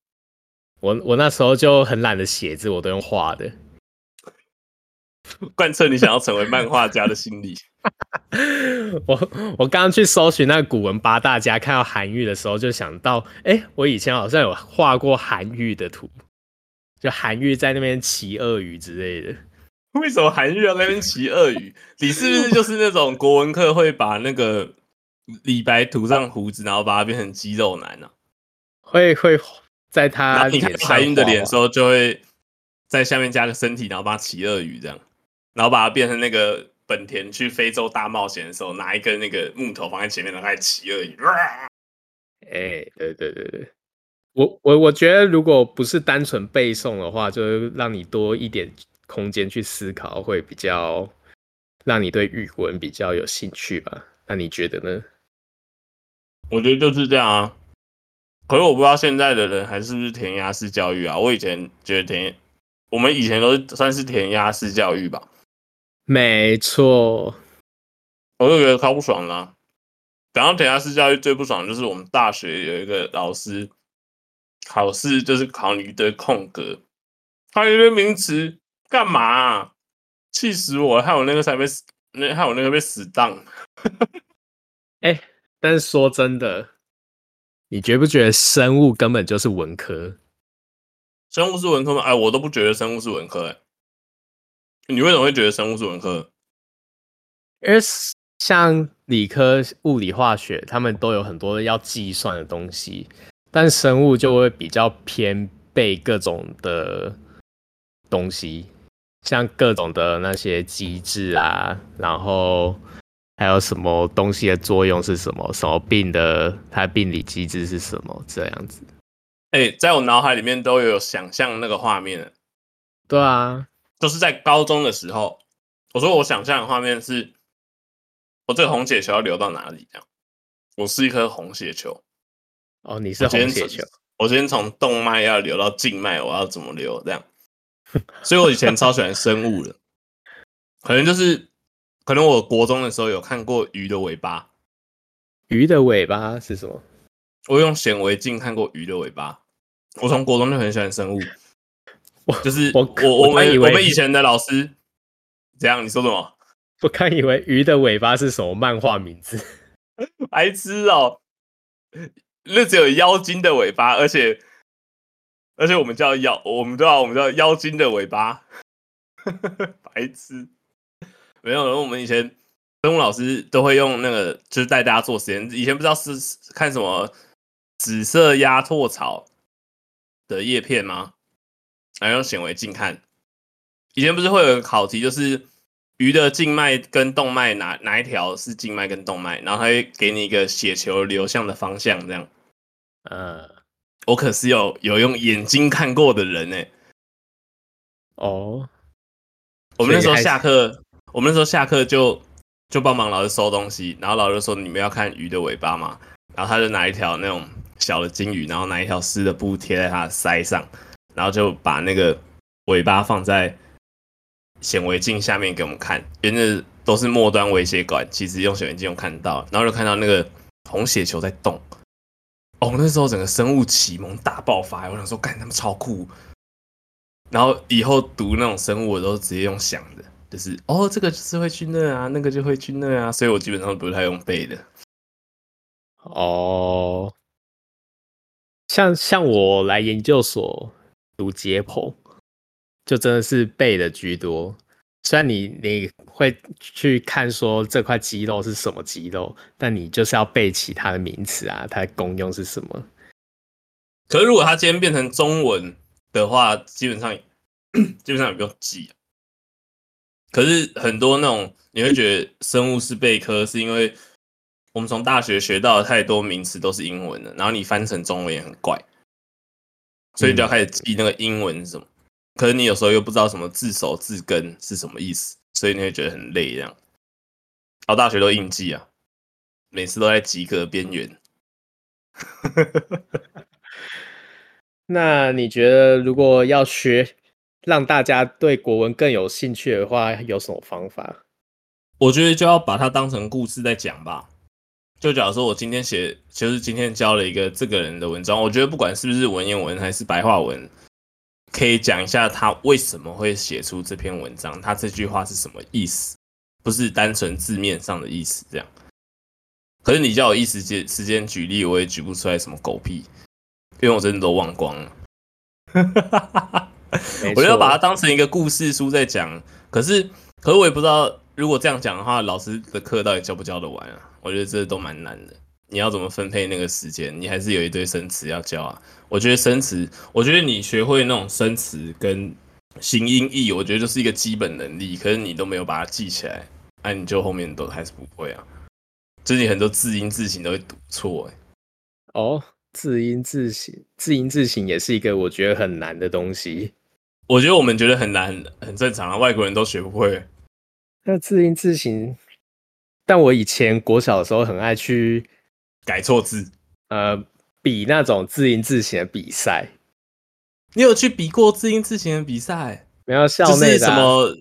A: 我我那時候就很懶得寫字，我都用畫的。
B: 貫徹你想要成為漫
A: 畫家的心理。 我我剛剛去搜尋那個古文八大家，看到韓愈的時候，就想到，哎、欸，我以前好像有畫過韓愈的圖，就韓愈在那邊騎鱷魚之類的。
B: 為什麼韓愈要在那邊騎鱷魚？ 你是不是就是那種國文課會把那個？李白塗上鬍子，然後把它變成肌肉男呢、啊？
A: 會會在他臉、啊、你懷孕的臉的時候，
B: 就會在下面加個身體，然後把它騎鱷魚這樣。然後把它變成那個本田去非洲大冒險的時候，拿一根那個木頭放在前面，然後來騎鱷魚。哎、
A: 欸，對對對對，我我我覺得如果不是單純背誦的話，就讓你多一點空間去思考，會比較讓你對語文比較有興趣吧？那你覺得呢？我覺得就是這樣啊，可是我不知道現在的人
B: 還是不是填鴨式教育啊？我以前覺得填，我們以前都是算是填鴨式教育吧，
A: 沒錯錯。我就覺得
B: 超不爽了，啊。講到填鴨式教育最不爽，就是我們大學有一個老師，考試就是考你一堆空格，他一堆名詞，幹嘛，啊？氣死我！還有那，那個被死，那還有那個被死當，哎。但是說真的，
A: 你覺不覺得生物根本就是文科？
B: 生物是文科嗎？哎、欸，我都不覺得生物是文科
A: 欸。哎，你為什麼會覺得生物是文科？因為像理科物理、化學，他們都有很多要計算的東西，但生物就會比較偏背各種的東西，像各種的那些機制啊，然後。還有什麼東西的作用是什麼？什麼病的它病理機制是什麼？這樣子，哎、欸，
B: 在我腦海裡面都有想象那個畫面，
A: 對啊，
B: 就是在高中的時候，我說我想象的畫面是，我這個紅血球要流到哪裡？這樣，我是一顆紅血球，哦，你是紅血球，我先從,從動脈要流到靜脈，我要怎麼流？這樣， 所以我以前超喜歡生物的， 可能就是。可能我國中的時候有看過魚的尾巴，魚的尾巴是什麼？我用顯微鏡看過魚的尾巴。
A: 我從國中就很喜歡生物。 就是我我我，我們我以我們以前
B: 的老師，這樣你說什麼？
A: 我剛以為魚的尾巴是什麼漫畫名字？
B: 白痴哦、喔，那只有妖精的尾巴，而且而且我們叫妖，我們叫、啊、我們叫妖精的尾巴， 白痴。沒有了。我們以前生物老師都會用那個，就是帶大家做實驗。以前不知道是看什麼紫色鴨跖草的葉片嗎？然後用顯微鏡看。以前不是會有一個考題，就是魚的靜脈跟動脈哪哪一條是靜脈跟動脈？然後它會給你一個血球流向的方向，這樣。呃，我可是有有用眼睛看過的人呢、欸。哦，我們那時候下課。我們那時候下課就就幫忙老師收東西，然後老師說，你們要看魚的尾巴嘛，然後他就拿一條那種小的金魚，然後拿一條濕的布貼在他的腮上，然後就把那個尾巴放在顯微鏡下面給我們看，因為那都是末端微血管，其實用顯微鏡我看到，然後就看到那個紅血球在動，哦那時候整個生物啟蒙大爆發，我想說幹他們超酷，然後以後讀那種生物我都直接用想的。就是哦，這個就是會去那啊，那個就會去那啊，所以我基本上不太用背的。
A: 哦，像像我來研究所讀解剖，就真的是背的居多。雖然你你會去看說這塊肌肉是什麼肌肉，但你就是要背其他的名詞啊，它的功用是什麼。
B: 可是如果它今天變成中文的話，基本上基本上也不用記啊。可是很多那種，你會覺得生物是背科，是因為我們從大學學到的太多名詞都是英文的，然後你翻成中文也很怪，所以你就要開始記那個英文是什麼。嗯、可是你有時候又不知道什麼字首字根是什麼意思，所以你會覺得很累，這樣。到大學都硬記啊，
A: 每次都在及格邊緣。那你覺得如果要學讓大家對國文更有興趣的話，有什麼方法？我覺得就要把它當成故事在講吧。
B: 就假如說我今天寫，就是今天教了一個這個人的文章，我覺得不管是不是文言文還是白話文，可以講一下他為什麼會寫出這篇文章，他這句話是什麼意思，不是單純字面上的意思這樣。可是你叫我一時間時間舉例，我也舉不出來什麼狗屁，因為我真的都忘光了。哈哈哈哈哈。 我就要把它當成一個故事書在講，可是，可是我也不知道，如果這樣講的話，老師的課到底教不教得完啊？我覺得這都蠻難的。你要怎麼分配那個時間？你還是有一堆生詞要教啊。我覺得生詞，我覺得你學會那種生詞跟形音義，我覺得就是一個基本能力。可是你都沒有把它記起來啊，那你就後面都還是不會啊。最近很多字音字形都會讀錯，誒。哦，
A: 字音字形，字音字形
B: 也是一個我覺得很難的東西。我覺得我們覺得很難，很正常啊。外國人都
A: 學不會。那字音字形，但我以前國小的時候很愛去改錯字，呃，比那種字音字形的比賽。你
B: 有去比過字音字形的比賽？
A: 沒有校內的、啊、什麼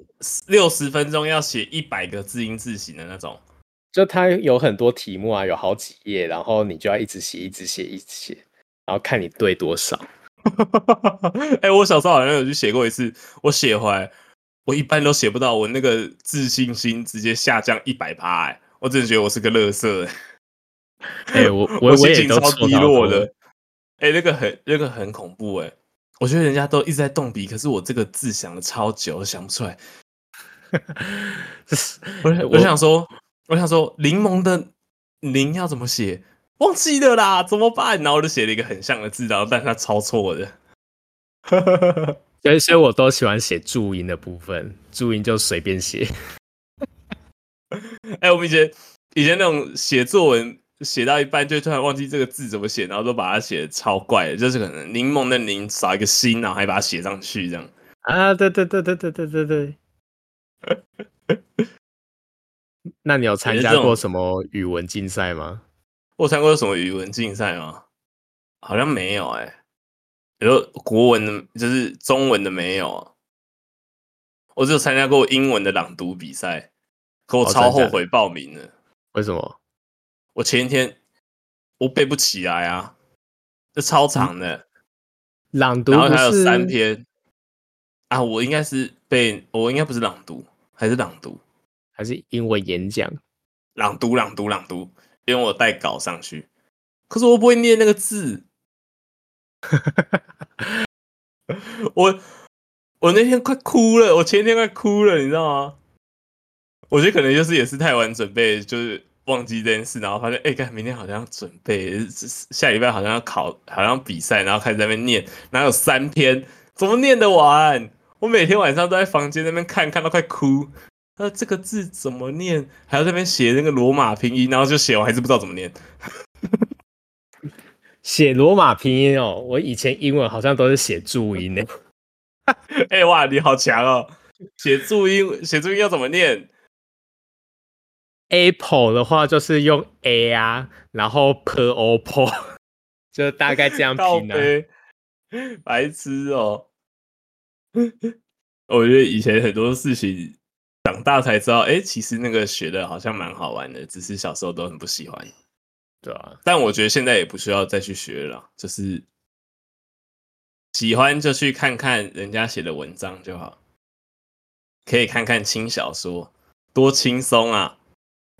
B: 六十分鐘要寫一百個字音字形的那種，
A: 就它有很多題目啊，有好幾頁，然後你就要一直寫，一直寫，一直寫，然後看你對多少。哈哈哈！哎、 欸，我小時候好像有去寫過一次，我寫回來，我一般都
B: 寫不到，我那個自信心直接下降一百趴，我真的覺得我是個樂色、欸。哎、 欸，我我 我心情超低落了。哎、欸，那個很那個很恐怖哎、欸，我覺得人家都一直在動筆，可是我這個字想的超久，想不出來。 我想我，我想說，我想說，檸檬的“檸”要怎麼寫？忘記了啦，怎麼辦？然後我就寫了一個很像的字，然後但是他抄錯
A: 的。呵呵呵，有一些我都喜歡寫注音的部分，注音就隨便寫。
B: 哎、 欸，我們以前
A: 以前那種寫作
B: 文，寫到一半就突然忘記這個字怎麼寫，然後都把它寫的超怪的，就是可能檸檬的檸少一個心，然後還把它寫上去這樣。
A: 啊，對對對對對對對對。 那你有參加過什麼語文競賽嗎？我有參加過什麼語文競賽嗎？好像沒有哎、
B: 欸。有國文的，就是中文的沒有、啊、我只有參加過英文的朗讀比賽，可我超後悔報名了、哦。為什麼？我前一天我背不起來啊，這超長的、嗯、
A: 朗讀，然後還有三
B: 篇啊。我應該是背，我應該不是朗讀，還是朗讀，還是英文演講？朗讀，朗，讀朗讀，朗讀，朗讀。因為我帶稿上去，可是我不會念那個字。 我我那天快哭了，我前一天快哭了，你知道嗎？我覺得可能就是也是太晚準備，就是忘記這件事，然後發現哎，看、欸、明天好像要準備，下禮拜好像要考，好像要比賽，然後開始在那邊念，然後有三篇，怎麼念得完？我每天晚上都在房間那邊看看，看到快哭。那這個字怎麼念？還要在那邊寫那個羅馬拼音，然後就寫，我還是不
A: 知道怎麼念。寫 羅馬拼音哦，我以前英文好像都是寫注音誒。
B: 哎、 欸、哇，你好強哦！寫注音，寫注音要怎麼念
A: ？Apple 的話就是用 A 啊，然後 per o p p o
B: 就大概這樣拼的。 okay. 白痴哦！ 我覺得以前很多事情。長大才知道，哎、欸，其實那個學的好像蠻好玩的，只是小時候都很不喜歡，對啊。但我覺得現在也不需要再去學了，就是喜歡就去看看人家寫的文章就好，可以看看輕小說，多輕鬆啊！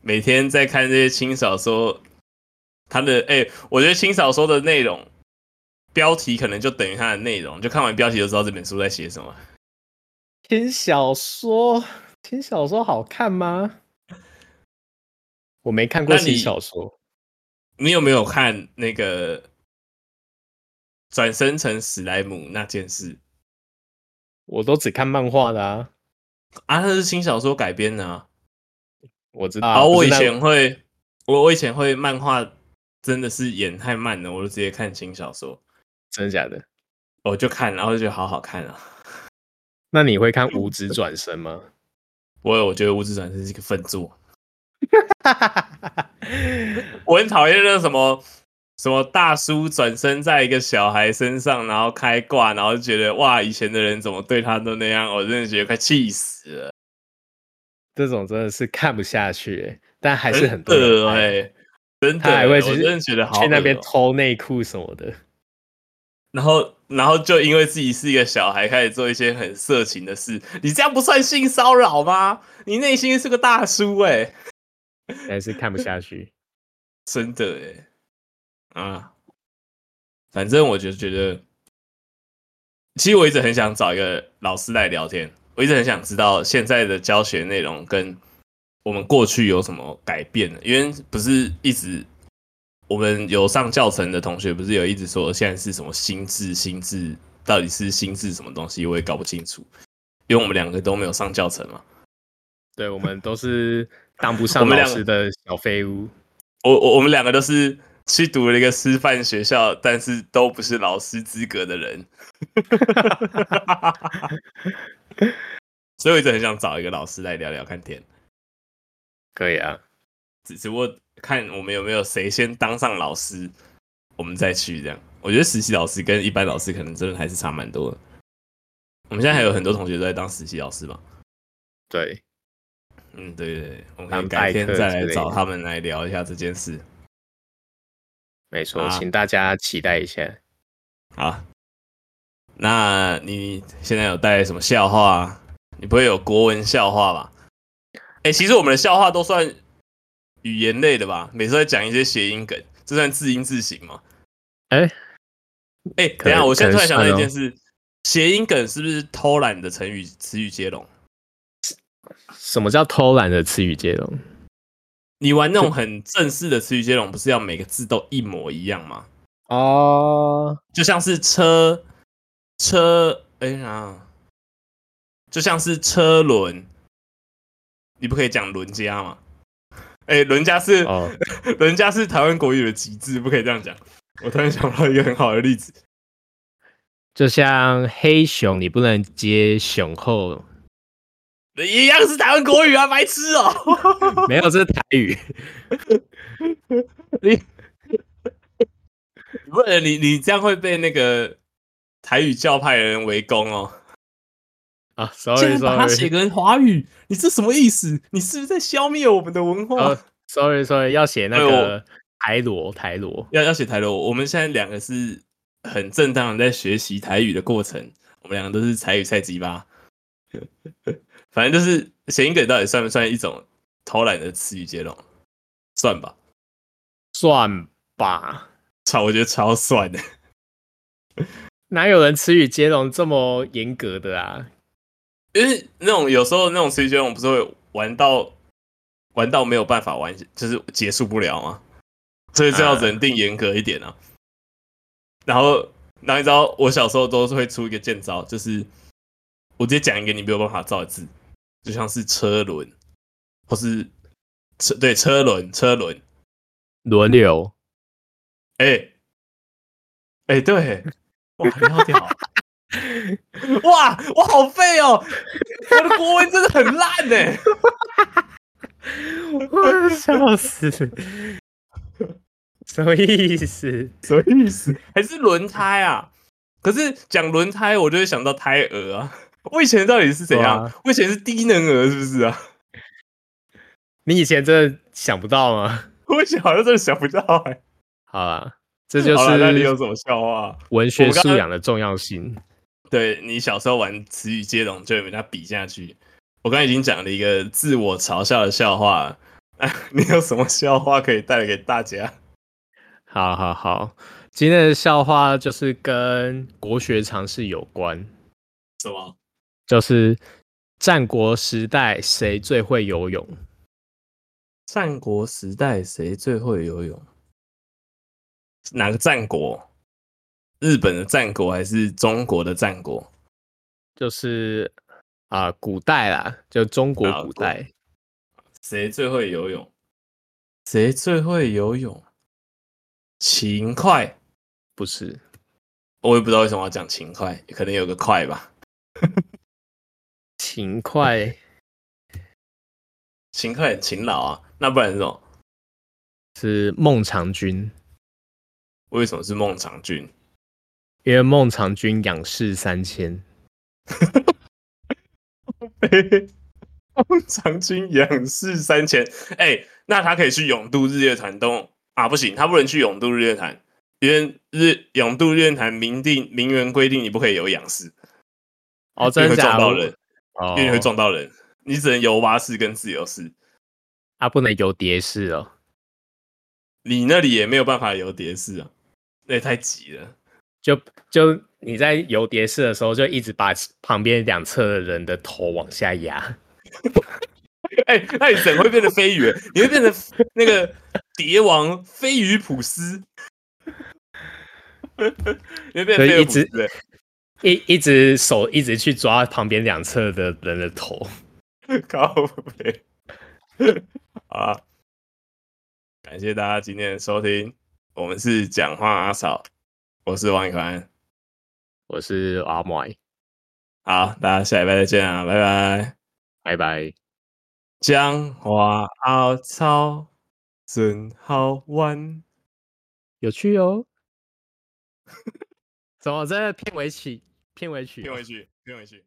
B: 每天在看這些輕小說，它的哎、欸，我覺得輕小說的內容標題可能就等於它的內容，就看完標題就知道這本書在寫什麼。輕
A: 小說。輕小說好看嗎？
B: 我沒看過輕小說，你，你有沒有看那個《轉生成史萊姆》那件事？我都只看漫畫的啊，啊，那是輕小說改編的啊。我知道。哦、我以前會，我我以前會漫畫真的是演太慢了，我就直接看輕小說。真的假的？我、哦、就看，然後就覺得，好好看啊。那你會看《無職轉生》嗎？ 我我覺得《無職轉生》是一個糞作，哈哈 我很討厭那什麼什麼大叔轉生，在一個小孩身上，然後開掛，然後就覺得哇，以前的人怎麼對他都那樣？我真的覺得快氣死了，
A: 這種真的是看不下去，欸，但還是很多哎，欸，真的，欸，他還會去，就是，真的覺得好去那邊偷內褲什麼的。
B: 然後，然後就因為自己是一個小孩，開始做一些很色情的事。你這樣不算性騷擾嗎？你內心是個大叔哎、欸，還是看不下去？ 真的哎、欸，啊，反正我就覺得，其實我一直很想找一個老師來聊天。我一直很想知道現在的教學內容跟我們過去有什麼改變了，因為不是一直。我們有上教程的同學，不是有一直說現在是什麼心智？心智到底是心智什麼東西？我也搞不清楚，因為我們兩個都沒有上教程嘛。
A: 對，我們都是當不上老師
B: 的小廢物。 我我我們兩個都是去讀了一個師範學校，但是都不是老師資格的人。 所以我一直很想找一個老師來聊聊看天。可以啊，只只不過。看我們有沒有誰先當上老師，我們再去這樣。我覺得實習老師跟一般老師可能真的還是差蠻多的。
A: 我們現在還有很多同
B: 學都在當實習老師吧？對，嗯，對對對，我們改天再來找他們來聊一下這件事。沒錯，好，請大家期待一下。好，那你現在有帶什麼笑話？你不會有國文笑話吧？哎，其實我們的笑話都算，語言類的吧，每次都講一些諧音梗，這算字音字形嘛。
A: 哎、欸，哎、欸，等一下，可以，我現在突然想到一件事，
B: 諧、嗯哦、音梗是不是偷懶的成語？詞語接龍？
A: 什麼叫偷懶的詞語接龍？你玩那種很
B: 正式的詞語接龍，不是要每個字都一模一樣嗎？
A: 哦，就像是車
B: 車，哎呀，就像是車輪，你不可以講輪家嗎？哎，倫家是，oh. 人家是台灣國語的極致，不可以這樣講。我突然想到一個很好的例子，
A: 就像黑熊，你不能接熊後，
B: 一
A: 樣是台灣國語啊，白痴哦！沒有，這是台語。
B: 你，不然 你你這樣會被那個台語教派的人圍攻喔。啊，Sorry，Sorry，寫個華語，sorry. 你這什麼意思？你是不是在消滅我們的文化？Sorry，Sorry，、oh, sorry, 要寫那個、哎、呦台羅，台羅，要要寫台羅。我們現在兩個是很正當的在學習台語的過程，我們兩個都是台語菜雞吧？ 反正就是諧音梗到底算不算一種偷懶的詞語接龍？算吧，
A: 算吧，超，我覺得超算的。 哪有人詞語接龍這麼嚴格的啊？
B: 因為那種有時候那種 c 圈我們不是會玩到玩到沒有辦法玩，就是結束不了嘛，
A: 所以這要
B: 認定嚴格一點啊。嗯、然後哪一招？知道我小時候都是會出一個劍招，就是我直接講一個你沒有辦法造的字，就像是車輪，或是車對車輪車輪輪流，哎哎、欸欸、對，哇，好
A: 屌、啊！ 哇，我好廢哦！ 我的國文真的很爛呢，， 我笑死！
B: 什麼意思？什麼意思？還是輪胎啊？可是講輪胎，我就會想到胎兒啊。
A: 我以前到底是怎樣？哇我以前是低能鵝，是不是啊？你以前真的想不到嗎？
B: 我小時候真的想不到、欸。哎。
A: 好了，這就是。你有
B: 什麼笑話？文學素養
A: 的重要性。
B: 對，你小時候玩詞語接龍，就被他比下去。
A: 我剛剛已經講了一個自我嘲笑的笑話，
B: 哎，你有什麼笑話可以帶給大
A: 家？好好好，今天的笑話就是跟國學常識有關。什麼嗎？就是戰國時代誰最會游泳？
B: 戰國時代誰最會游泳？哪個戰國？日本的戰國還是中國的戰國？
A: 就是啊、呃，古代啦，就中國古代。誰最會游泳？
B: 誰最會游泳？秦檜？不是，我也不知道為什麼要講秦檜，可能有個快吧。秦 檜，秦檜很勤勞啊。那不然是什麼？
A: 是孟嘗君？為什麼是孟嘗君？因為孟嘗君仰式三千，
B: 孟嘗、 欸、君仰式三千，哎，那他可以去泳渡日月潭東啊？不行，他不能去泳渡日月潭，因為日泳渡日月潭明定明文規定，定你不可以有仰式。
A: 哦，真的假的？哦，因為你會撞
B: 到人，你只能游蛙式跟自由式，
A: 啊，不能游蝶式哦。你那裡也沒有辦法游蝶式啊，那也太擠了。就就你在游蝶式的時候，就一直把旁邊兩側的人的頭往下壓。
B: 哎，那你怎會變成飛魚？你會變成那個蝶王飛魚普斯？ 你會變成飛魚普斯
A: 一一直手一直去抓旁邊兩側的人的頭，
B: 靠北 好
A: 啊！感謝大家今
B: 天的收聽，我們是講話啊草。我是王以寬，我是阿麥，好，大家下禮拜再見啊，拜拜，拜拜，講話啊草真好玩，
A: 有趣哦， 怎麼
B: 在片尾曲？片尾曲？片尾曲？片尾曲？